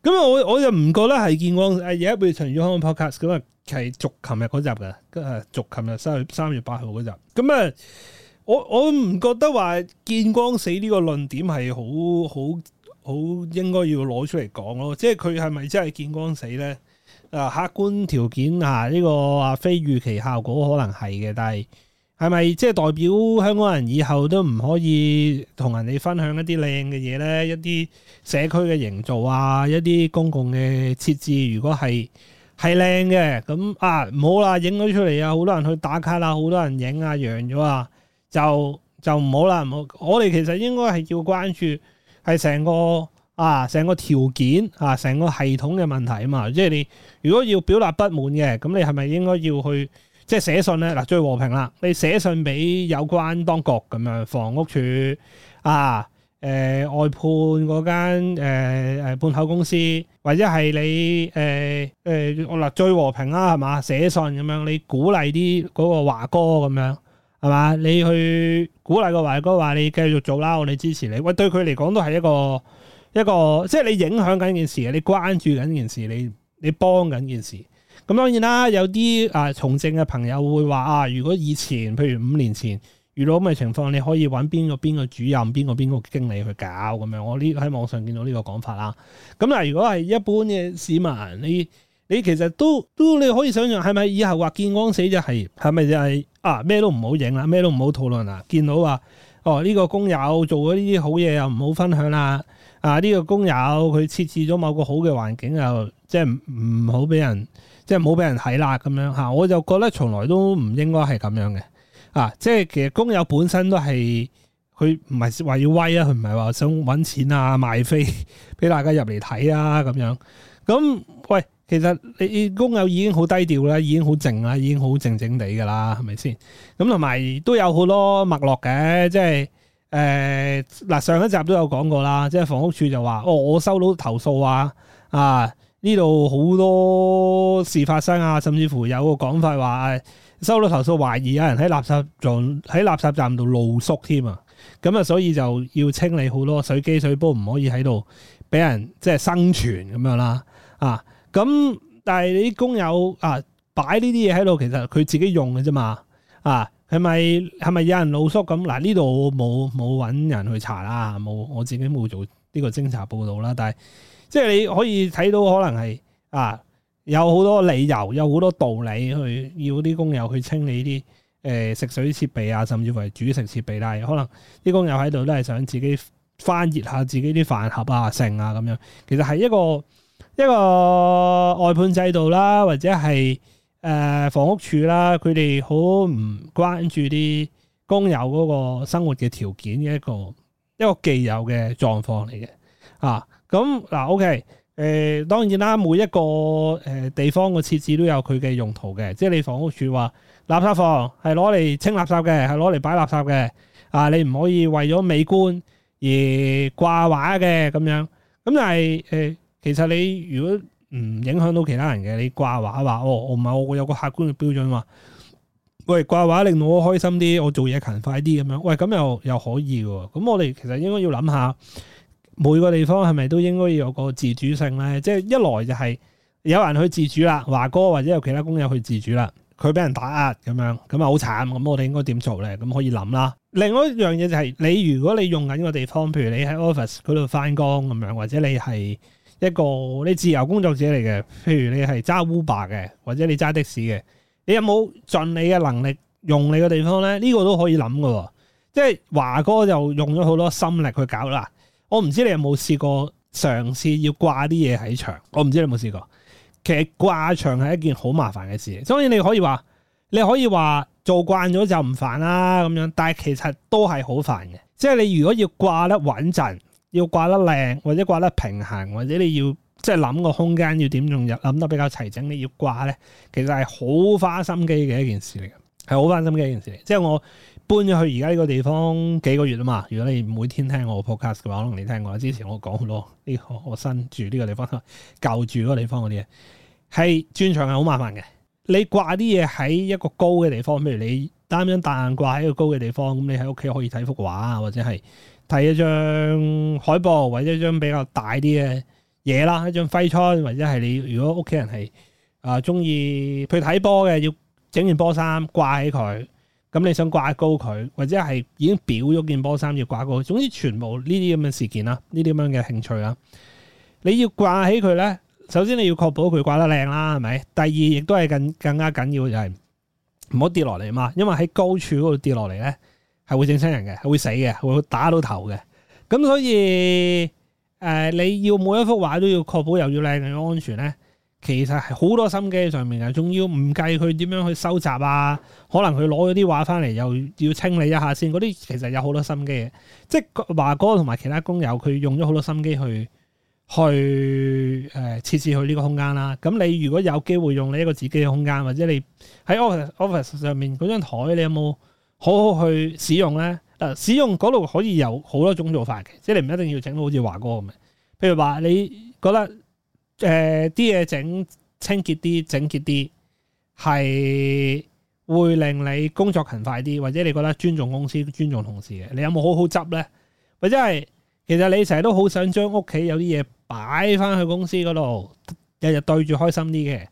咁啊，一部一部 podcast，啊我我又唔覺得係見光，而家被陳宇康 podcast 咁啊，係續琴日嗰集嘅，跟啊續琴日三月三月八號嗰集。咁啊，我我唔覺得話見光死呢個論點係好好好應該要攞出嚟講咯。即係佢係咪真係見光死咧？客觀條件下呢、呢個啊非預期效果可能係嘅，但係。係咪即係代表香港人以後都唔可以同人哋分享一啲靚嘅嘢咧？一啲社區嘅營造啊，一啲公共嘅設置，如果係係靚嘅，咁啊唔好啦，影咗出嚟啊，好多人去打卡啦，好多人影啊，揚咗啊，就就唔好啦。唔好，我哋其實應該係要關注係成個啊成個條件啊成個系統嘅問題啊嘛。即係你如果要表達不滿嘅，咁你係咪應該要去？即係寫信咧，嗱最和平啦，你寫信俾有關當局咁樣，房屋處啊，誒、呃、外判嗰間誒誒半口公司，或者係你誒誒我嗱最和平啦，係嘛寫信咁樣，你鼓勵啲嗰個華哥咁樣係嘛，你去鼓勵個華哥話你繼續做啦，我哋支持你。喂，對佢嚟講都係一個一個，即係你在影響緊件事，你在關注緊件事，你你幫緊件事。咁當然啦，有啲啊從政嘅朋友會話啊，如果以前譬如五年前遇到咁嘅情況，你可以揾邊個邊個主任、邊個邊個經理去搞咁樣。我呢喺網上見到呢個講法啦。咁嗱，如果係一般嘅市民，你你其實都都你可以想像係咪以後話見光死就係係咪就係、是、啊咩都唔好影啦，咩都唔好討論啦，見到話哦呢、呢個工友做咗呢啲好嘢又唔好分享啦。啊！呢、這個工友佢設置咗某個好嘅環境，又即係唔好俾人，即係唔好俾人睇啦，咁樣我就覺得從來都唔應該係咁樣嘅。啊！即係其實工友本身都係佢唔係話要威啊，佢唔係話想揾錢啊，賣飛俾大家入嚟睇啊咁樣。咁、嗯、喂，其實你工友已經好低調啦，已經好靜啦，已經好靜靜地噶啦，係咪先？咁同埋都有好多脈絡嘅，即係。誒、呃、嗱，上一集都有講過啦，即係房屋署就話，哦，我收到投訴啊，啊呢度好多事發生啊，甚至乎有個講法話、啊，收到投訴，懷疑有人喺垃圾站喺垃圾站度露宿添啊，咁啊，所以就要清理好多水機水煲，唔可以喺度俾人即係生存咁樣啦，啊，咁、啊、但係你啲工友啊擺呢啲嘢喺度，其實佢自己用嘅啫嘛，啊。係咪係咪有人露宿咁？嗱，呢度冇冇搵人去查啦，冇，我自己冇做呢個偵查報道啦。但係即係你可以睇到，可能係啊有好多理由，有好多道理去要啲工友去清理啲誒食水設備啊，甚至乎係煮食設備啦。但可能啲工友喺度都係想自己翻熱下自己啲飯盒啊、剩啊咁樣。其實係一個一個外判制度啦，或者係。誒、呃、房屋署啦，佢哋好唔關注啲工友嗰個生活嘅條件嘅一個一個既有嘅狀況嚟嘅啊！咁、嗯、嗱、啊、OK，誒、呃、當然啦，每一個、呃、地方嘅設置都有佢嘅用途嘅，即係你房屋署話垃圾房係攞嚟清垃圾嘅，係攞嚟擺垃圾嘅啊！你唔可以為咗美觀而掛畫嘅咁樣，咁但係、呃、其實你如果唔影響到其他人嘅，你掛畫話哦，我唔係我會有個客觀嘅標準話，喂，掛畫令到我開心啲，我做嘢勤快啲咁樣，喂咁又又可以喎。咁我哋其實應該要諗下每個地方係咪都應該有個自主性咧？即係一來就係有人去自主啦，華哥或者有其他工友去自主啦，佢俾人打壓咁樣，咁啊好慘。咁我哋應該點做咧？咁可以諗啦。另外一樣嘢就係你如果你用緊個地方，譬如你喺 office 嗰度翻工咁樣，或者你係。一個你自由工作者嚟嘅，譬如你係揸 Uber 嘅，或者你揸的士嘅，你有冇盡你嘅能力用你嘅地方咧？呢個都可以諗㗎喎。即係華哥就用咗好多心力去搞啦。我唔知你有冇試過嘗試要掛啲嘢喺牆。我唔知你有冇試過。其實掛牆係一件好麻煩嘅事，所以你可以話你可以話做慣咗就唔煩啦咁樣。但係其實都係好煩嘅，即係你如果要掛得穩陣。要掛得靚，或者掛得平衡，或者你要即係諗個空間要點用，入，諗得比較齊整。你要掛咧，其實係好花心機嘅一件事嚟嘅，係好花心機嘅一件事嚟。即係我搬咗去而家呢個地方幾個月啦嘛。如果你每天聽我嘅 podcast 嘅話，可能你聽過之前我講好多呢個我新住呢個地方、舊住嗰個地方嗰啲嘢，係鑽牆係好麻煩嘅。你掛啲嘢喺一個高嘅地方，譬如你單張大眼掛喺個高嘅地方，咁你喺屋企可以睇幅畫啊，或者係。睇一張海報或者一張比較大啲嘅嘢啦，一張揮春或者係你如果屋企人係啊中意去睇波嘅，要整件波衫掛起佢。咁你想掛高佢，或者係已經裱咗件波衫要掛高。總之全部呢啲咁嘅事件啦，呢啲咁樣嘅興趣啦，你要掛起佢咧，首先你要確保佢掛得靚啦，係咪？第二亦都係更更加緊要就係唔好跌落嚟嘛。因為喺高處嗰度跌落嚟咧。係會整親人嘅，係會死嘅，會打到頭嘅。咁所以誒、呃，你要每一幅畫都要確保又要靚又要安全咧，其實係好多心機上面嘅。仲要唔計佢點樣去收集啊，可能佢攞咗啲畫翻嚟，又要清理一下先。嗰啲其實有好多心機嘅。即係華哥同埋其他工友，佢用咗好多心機去去誒設、呃、置佢呢個空間啦。咁你如果有機會用你一個自己嘅空間，或者你喺 office office 上面嗰張台，你有冇好好去使用咧，使用嗰度可以有好多種做法嘅，即係你唔一定要整到好似華哥咁嘅。譬如話你覺得誒啲嘢整清潔啲、整潔啲，係會令你工作勤快啲，或者你覺得尊重公司、尊重同事嘅，你有冇好好執咧？或者係其實你成日都好想將屋企有啲嘢擺翻去公司嗰度，日日對住開心啲嘅，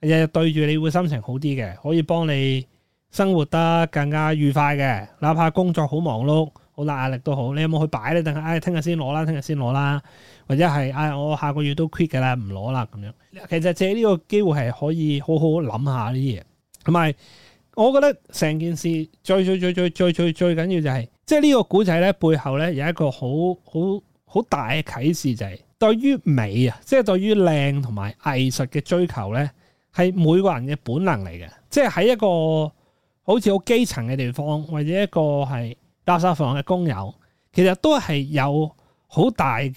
日日對住你會心情好啲嘅，可以幫你。生活得更加愉快嘅，哪怕工作好忙碌、好大壓力都好，你有冇去擺咧？等下，唉、哎，聽日先攞啦，聽日先攞啦，或者係唉、哎，我下個月都 quit 嘅啦，唔攞啦咁樣。其實借呢個機會係可以好好諗下呢啲嘢，同埋我覺得成件事最最最最最最最緊要就係，即係呢個古仔咧背後咧有一個好好好大嘅啟示，就係對於美啊，即係對於靚同埋藝術嘅追求咧，係每個人嘅本能嚟嘅，即係喺一個。好似好基層嘅地方，或者一個係垃圾房嘅工友，其實都係有好大嘅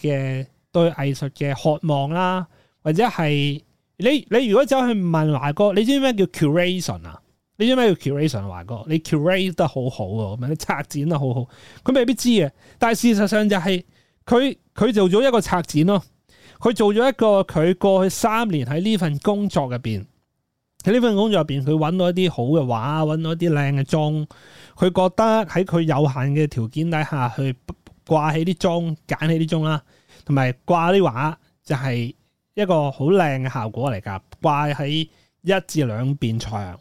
對藝術嘅渴望啦。或者係你你如果走去問華哥，你知唔知咩叫 curation 啊？你知咩叫 curation？華哥，你 curate 得好好啊，咁樣你策展得好好。佢未必知啊，但係事實上就係佢佢做咗一個策展咯，佢做咗一個佢過去三年喺呢份工作入邊。喺呢份工作入邊，佢揾到一啲好嘅畫，揾到一啲靚嘅裝，佢覺得喺佢有限嘅條件底下去掛起啲裝，揀起啲裝啦，同埋掛啲畫就係一個好靚嘅效果嚟噶。掛喺一至兩邊牆，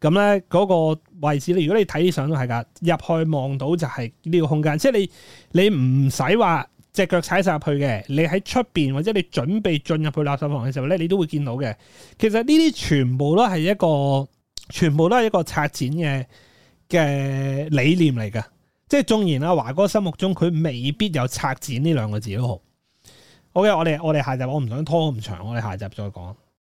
咁咧嗰個位置咧，如果你睇啲相都係噶，入去望到就係呢個空間，即係你你唔使話。隻腳踩晒入去嘅，你喺出面，或者你準備進入去垃圾房嘅時候咧，你都會見到嘅。其實呢啲全部都係一個，全部都係一個策展嘅嘅理念嚟㗎。即係縱然阿華哥心目中佢未必有策展呢兩個字都好。OK，我哋我哋下集我唔想拖咁長，我哋下集再講。